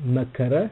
nakara